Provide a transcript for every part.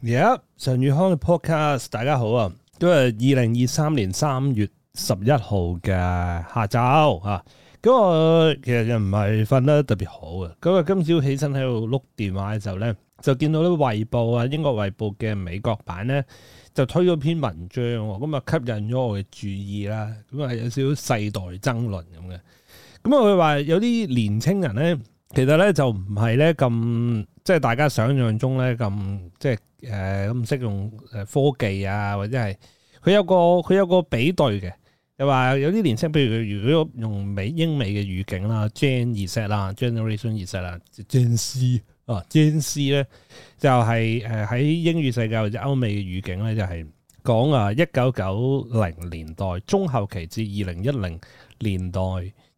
Yeah，陳宇康嘅 podcast，大家好啊！咁啊，二零二三年三月十一號嘅下晝啊，咁啊，其實又唔係瞓得特別好啊。咁啊，今朝起身喺度碌電話嘅時候咧，就見到啲衛報啊，英國衛報嘅美國版咧，就推咗篇文章，咁啊，吸引咗我嘅注意啦。咁啊，有少少世代爭論咁嘅。咁啊，佢話有啲年青人咧，其實咧就唔係咧咁。即係大家想象中咧咁，即係誒咁識用誒科技啊，或者係佢有個佢有個比對嘅，又、就、話、是、有啲年青，譬如如果用美英美嘅語境啦 Gen Z 啦，Generation Z 啦 Gen C 啊，Gen C 咧就係誒喺英語世界或者歐美嘅語境咧，就係講啊一九九零年代中後期至二零一零年代。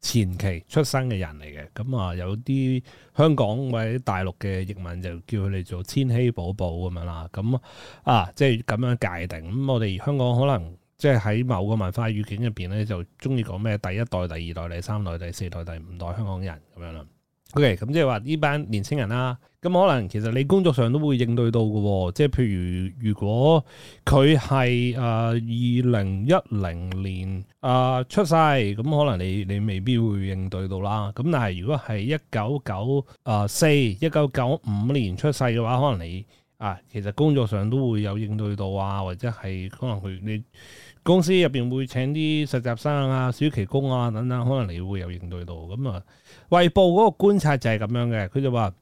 前期出生嘅人嚟嘅，咁啊有啲香港或者大陸嘅移民就叫佢哋做千禧寶寶咁樣啦，咁啊即係咁樣界定。咁我哋香港可能即係喺某個文化語境入邊咧，就中意講咩第一代、第二代、第三代、第四代、第五代香港人咁樣啦。O.K. 咁、嗯、即係話呢班年青人啦，咁、嗯、可能其實你工作上都會應對到嘅、哦，即係譬如如果佢係誒二零一零年啊、呃、出世，咁、嗯、可能你你未必會應對到啦。咁但係如果係一九九誒四、一九九五年出世嘅話，可能你啊、呃、其實工作上都會有應對到啊，或者係可能佢你。公司入面會請啲實習生啊、暑期工啊等等，可能你會有應對到。咁啊，衛報嗰個觀察就係咁樣嘅，佢就話，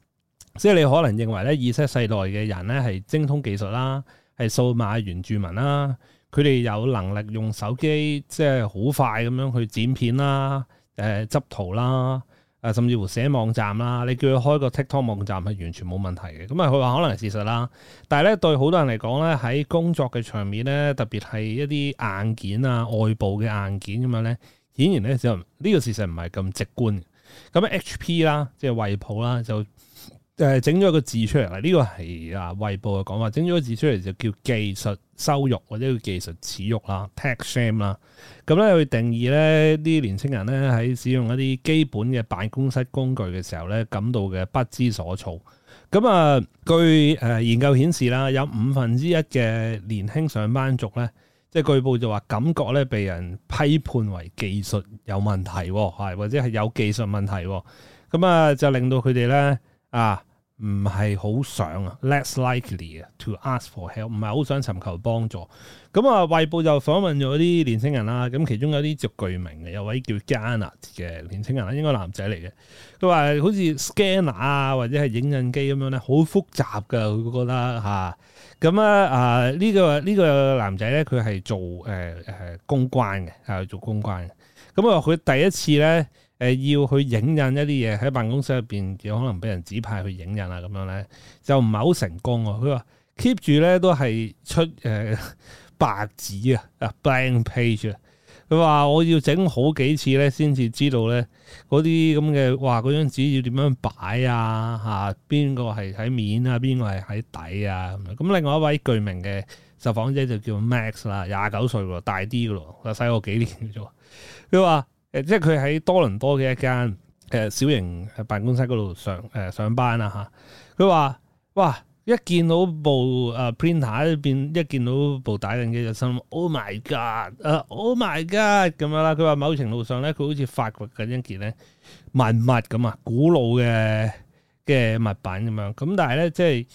即係你可能認為咧，Z 世代嘅人咧係精通技術啦，係數碼原住民啦，佢哋有能力用手機即係好快咁樣去剪片啦、誒、呃、執圖啦。啊，甚至乎寫網站啦，你叫佢開個 TikTok 網站係完全冇問題嘅。咁啊，佢話可能係事實啦，但係咧對好多人嚟講咧，喺工作嘅場面咧，特別係一啲硬件啊、外部嘅硬件咁樣咧，顯然咧就呢個事實唔係咁直觀。咁 HP 啦，即係惠普啦，就。誒、呃、整咗個字出嚟啦！呢、這個係啊《衛報》嘅講話，整咗個字出嚟就叫技術羞辱或者叫技術恥辱啦、啊、（tech shame） 啦、啊。咁咧佢定義咧啲年青人咧喺使用一啲基本嘅辦公室工具嘅時候咧，感到嘅不知所措。咁、嗯、啊，據誒研究顯示啦，有五分之一嘅年輕上班族咧，即、就、係、是、據報就話感覺咧被人批判為技術有問題，係、啊、或者係有技術問題。咁啊，、嗯、啊，就令到佢哋咧啊～啊唔係好想啊，less likely 啊，to ask for help，唔係好想尋求幫助。咁、嗯、啊，衛報就訪問咗啲年輕人啦。咁其中有啲就具名嘅，有位叫 Janet 嘅年輕人啦，應該男仔嚟嘅。佢話好似 scanner 啊，sc 或者係影印機咁樣咧，好複雜嘅，佢覺得嚇。咁啊啊呢、這個呢、這個男仔咧，佢係做誒誒、呃、公關嘅，係、啊、做公關嘅。咁啊，佢第一次咧。誒要去影印一啲嘢喺辦公室入邊，有可能俾人指派去影印啊咁樣咧，就唔係好成功喎。佢話 keep 住咧都係出誒、呃、白紙啊，啊 blank page 啊。佢話我要整好幾次咧，先至知道咧嗰啲咁嘅話，嗰張紙要點樣擺啊？嚇、啊，邊個係喺面啊？邊個係喺底啊？咁樣，咁另外一位具名嘅受訪者就叫 Max 啦，廿九歲喎，大啲噶咯，細我幾年嘅啫。佢話。誒，即係佢喺多倫多嘅一間誒小型誒辦公室嗰度上誒、呃、上班啦吓，佢話哇，一見到一部誒 printer 變，一見到一部打印機就心，Oh my god！誒、uh,，Oh my god！咁樣啦，佢話某程度上咧，佢好似發掘緊一件咧文物咁啊，古老嘅嘅物品咁樣。咁但係咧，即係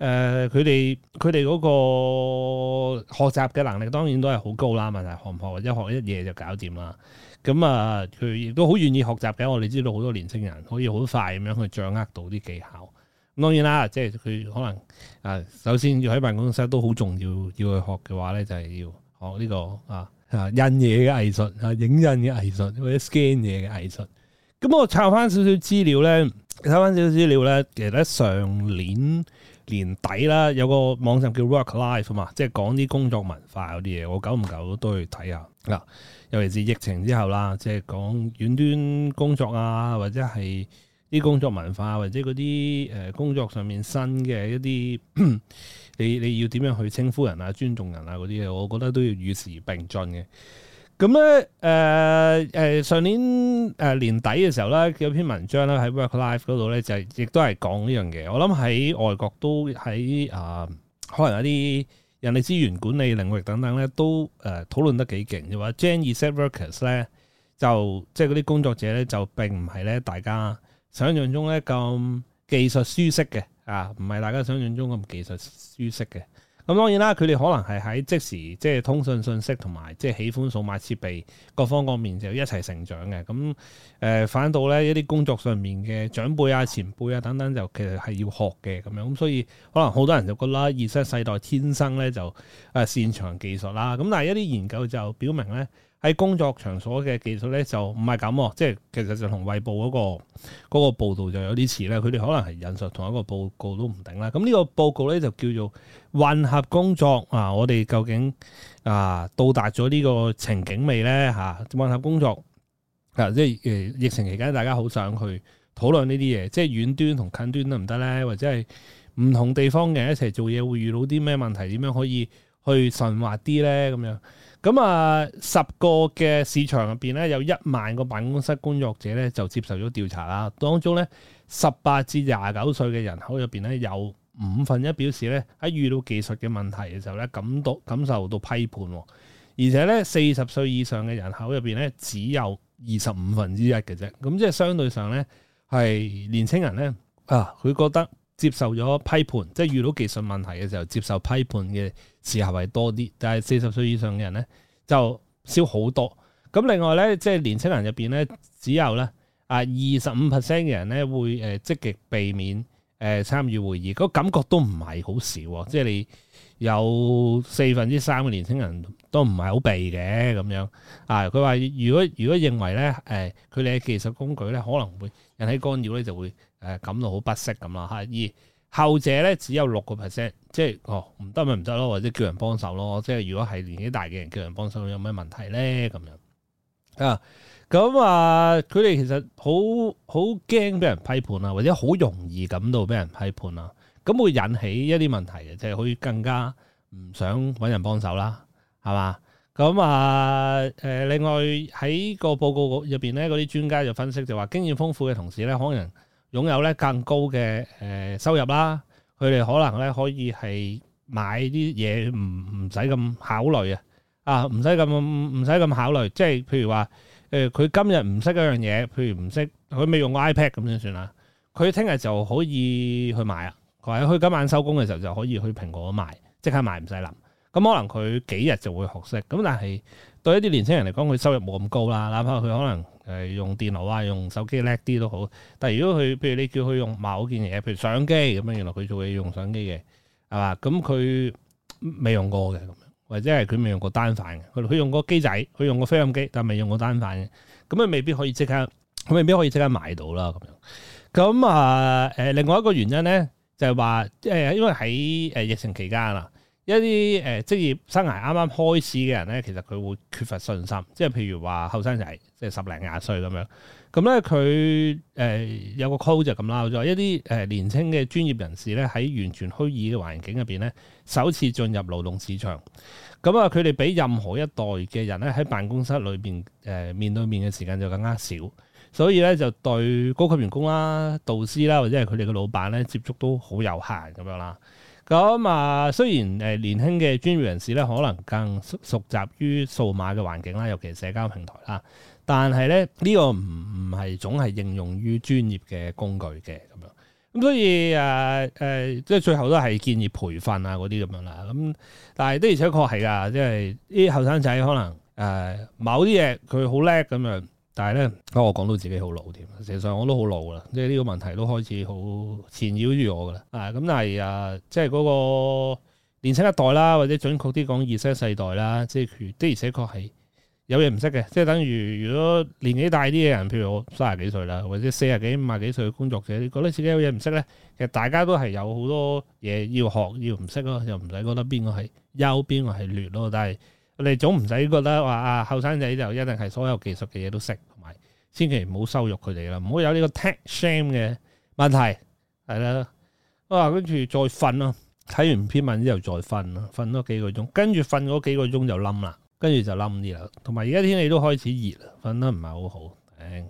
誒，佢哋佢哋嗰個學習嘅能力當然都係好高啦，問題係學唔學，或者學一嘢就搞掂啦。咁啊，佢亦都好願意學習嘅。我哋知道好多年青人可以好快咁樣去掌握到啲技巧。咁當然啦，即係佢可能啊，首先要喺辦公室都好重要，要去學嘅話咧，就係要學呢個啊啊印嘢嘅藝術啊，影印嘅藝術或者 scan 嘢嘅藝術。咁我查翻少少資料咧，查翻少少資料咧，其實咧上年年底啦，有個網站叫 Rock Life 嘛，即係講啲工作文化嗰啲嘢。我久唔久都去睇下嗱，尤其是疫情之後啦，即係講遠端工作啊，或者係啲工作文化，或者嗰啲誒工作上面新嘅一啲，你你要點樣去稱呼人啊、尊重人啊嗰啲嘢，我覺得都要與時並進嘅。咁咧，誒誒、嗯呃、上年誒、呃、年底嘅時候咧，有篇文章咧喺 Work Life 嗰度咧，就係亦都係講呢樣嘢。我諗喺外國都喺啊、呃，可能一啲人力資源管理領域等等咧，都誒、呃、討論得幾勁。就話 Gen Z Workers 咧，就即係嗰啲工作者咧，就並唔係咧大家想象中咧咁技術舒適嘅啊，唔係大家想象中咁技術舒適嘅。咁當然啦，佢哋可能係喺即時即係通訊信息同埋即係喜歡數碼設備各方各面就一齊成長嘅。咁誒、呃、反倒咧一啲工作上面嘅長輩啊、前輩啊等等就其實係要學嘅咁樣。咁所以可能好多人就覺得 Z 世代天生咧就誒擅長技術啦。咁但係一啲研究就表明咧。喺工作場所嘅技術咧就唔係咁，即係其實就同衛報嗰個嗰個報道就有啲似咧，佢哋可能係引述同一個報告都唔定啦。咁呢個報告咧就叫做混合工作啊！我哋究竟啊到達咗呢個情景未咧嚇？混合工作啊，即係誒、呃、疫情期間大家好想去討論呢啲嘢，即係遠端同近端得唔得咧？或者係唔同地方嘅一齊做嘢會遇到啲咩問題？點樣可以去順滑啲咧？咁樣。咁啊，十個嘅市場入邊咧，有一萬個辦公室工作者咧就接受咗調查啦。當中咧，十八至廿九歲嘅人口入邊咧，有五分一表示咧，喺遇到技術嘅問題嘅時候咧，感到感受到批判。而且咧，四十歲以上嘅人口入邊咧，只有二十五分之一嘅啫。咁即係相對上咧，係年輕人咧啊，佢覺得。接受咗批判，即係遇到技術問題嘅時候，接受批判嘅時候係多啲，但係四十歲以上嘅人咧就少好多。咁另外咧，即係年青人入邊咧，只有咧啊二十五 percent 嘅人咧會誒積極避免。誒參與會議、嗰個感覺都唔係好少喎，即係你有四分之三嘅年輕人都唔係好避嘅咁樣。啊，佢話如果如果認為咧，誒佢哋嘅技術工具咧可能會引起干擾咧，就會誒感到好不適咁啦嚇。而後者咧只有六個 percent，即係哦唔得咪唔得咯，或者叫人幫手咯。即係如果係年紀大嘅人叫人幫手，有咩問題咧咁樣啊？咁啊，佢哋、嗯、其實好好驚俾人批判啊，或者好容易感到俾人批判啊。咁會引起一啲問題嘅，即係可以更加唔想揾人幫手啦，係嘛？咁、嗯、啊，誒、嗯，另外喺個報告入邊咧，嗰啲專家就分析就話，經驗豐富嘅同事咧，可能擁有咧更高嘅誒收入啦。佢哋可能咧可以係買啲嘢唔唔使咁考慮啊，啊，唔使咁唔唔使咁考慮，即係譬如話。誒佢、呃、今日唔識嗰樣嘢，譬如唔識佢未用過 iPad 咁先算啦。佢聽日就可以去買啊，佢話佢今晚收工嘅時候就可以去蘋果買，即刻買唔使諗。咁、嗯、可能佢幾日就會學識。咁但係對一啲年輕人嚟講，佢收入冇咁高啦。哪怕佢可能誒用電腦啊、用手機叻啲都好。但係如果佢譬如你叫佢用某件嘢，譬如相機咁樣，原來佢就會用相機嘅係嘛？咁佢、嗯、未用過嘅咁樣。或者係佢未用過單反嘅，佢佢用過機仔，佢用過飛音機，但係未用過單反嘅，咁啊未必可以即刻，佢未必可以即刻買到啦咁樣。咁啊，誒、呃，另外一個原因咧，就係、是、話，誒、呃，因為喺誒疫情期間啦。一啲誒、呃、職業生涯啱啱開始嘅人咧，其實佢會缺乏信心，即係譬如話後生仔，即係十零廿歲咁樣。咁咧佢誒有個 call 就咁鬧咗，一啲誒、呃、年輕嘅專業人士咧，喺完全虛擬嘅環境入邊咧，首次進入勞動市場。咁啊，佢哋比任何一代嘅人咧，喺辦公室裏邊誒面對面嘅時間就更加少，所以咧就對高級員工啦、導師啦，或者係佢哋嘅老闆咧接觸都好有限咁樣啦。咁啊，雖然誒年輕嘅專業人士咧，可能更熟熟習於數碼嘅環境啦，尤其社交平台啦，但係咧呢個唔唔係總係應用於專業嘅工具嘅咁樣。咁所以誒誒，即、呃、係、呃、最後都係建議培訓啊嗰啲咁樣啦。咁但係的而且確係㗎，即係啲後生仔可能誒、呃、某啲嘢佢好叻咁樣。但係咧、哦，我講到自己好老添。實際上我都好老啦，即係呢個問題都開始好纏繞住我㗎啦。啊，咁但係啊、呃，即係嗰個年輕一代啦，或者準確啲講二十一世代啦，即係的而且確係有嘢唔識嘅。即係等於如果年紀大啲嘅人，譬如我三十幾歲啦，或者四十幾、五十幾歲嘅工作者，覺得自己有嘢唔識咧，其實大家都係有好多嘢要學，要唔識咯，又唔使覺得邊個係優，邊個係劣咯，但係。我哋總唔使覺得話啊，後生仔就一定係所有技術嘅嘢都識，同埋千祈唔好羞辱佢哋啦，唔好有呢個 tech shame 嘅問題，係啦。啊，跟住再瞓咯，睇完篇文之後再瞓咯，瞓多幾個鐘，跟住瞓嗰幾個鐘就冧啦，跟住就冧啲啦。同埋而家天氣都開始熱啦，瞓得唔係好好。嗯、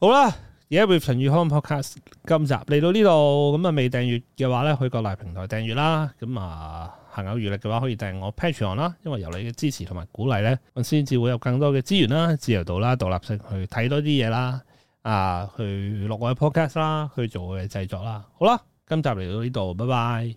好啦，而、yeah, 家 with 陳宇康 podcast 今集嚟到呢度，咁啊未訂閱嘅話咧，去各大平台訂閱啦，咁、嗯、啊。朋友餘力嘅話，可以訂我 Patreon 啦，因為由你嘅支持同埋鼓勵咧，我先至會有更多嘅資源啦、自由度啦、獨立性去睇多啲嘢啦，啊，去錄我嘅 podcast 啦，去做我嘅製作啦。好啦，今集嚟到呢度，拜拜。